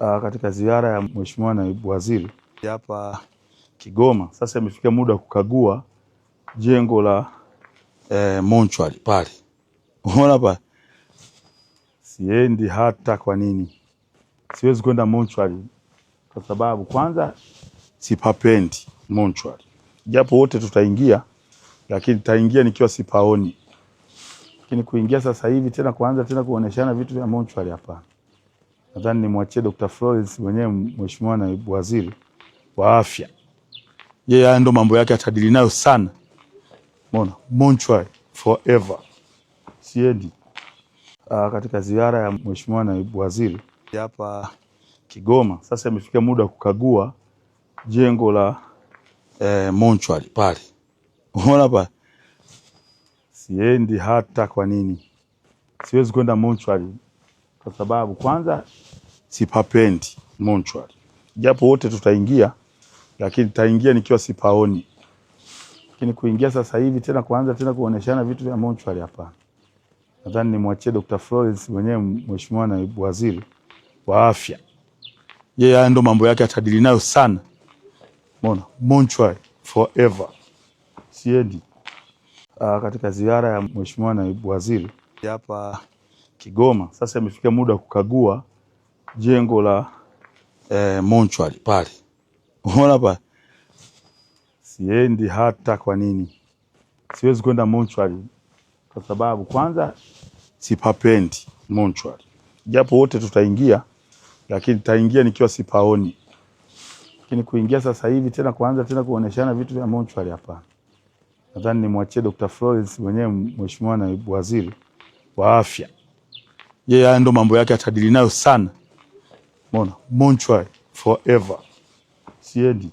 uh, katika ziara ya Mheshimiwa Naibu Waziri hapa Kigoma. Sasa imefikia muda wa kukagua jengo la eh, monchwali pale, unaona pale, siendi hata kwa nini, siwezi kwenda monchwali kwa sababu kwanza sipapendi monchwali, japo wote tutaingia, lakini taingia nikiwa sipaoni, lakini kuingia sasa hivi tena kuanza tena kuoneshana vitu vya monchwali, hapana nadhani nimwachie Dr. Florence mwenyewe, mheshimiwa naibu waziri wa afya, yeye haya ndo mambo yake atadili nayo sana. Mona Monchwai forever siendi uh, katika ziara ya mheshimiwa naibu waziri hapa Kigoma. Sasa imefikia muda wa kukagua jengo la eh, monchwari pale, unaona pa siendi hata. Kwa nini siwezi kwenda monchwari? kwa sababu kwanza sipapendi monchwari, japo wote tutaingia, lakini tutaingia nikiwa sipaoni. Lakini kuingia sasa hivi tena kuanza tena kuoneshana vitu vya monchwari, hapana. Nadhani nimwachie Dr. Florence mwenyewe, mheshimiwa naibu waziri wa afya, yeye haya ndo mambo yake atadili nayo sana. Mbona monchwari forever siendi. Uh, katika ziara ya mheshimiwa naibu waziri hapa Kigoma. Sasa imefikia muda wa kukagua jengo la e, eh, monchwali pale, unaona pale. Siendi hata kwa nini, siwezi kwenda monchwali kwa sababu kwanza sipapendi monchwali, japo wote tutaingia, lakini taingia nikiwa sipaoni. Lakini kuingia sasa hivi tena kuanza tena kuoneshana vitu vya monchwali, hapana. Nadhani nimwachie Dr. Florence mwenyewe, mheshimiwa naibu waziri wa afya yeye haya ndo mambo yake atadili nayo sana. mbona Monchwa forever. Siendi.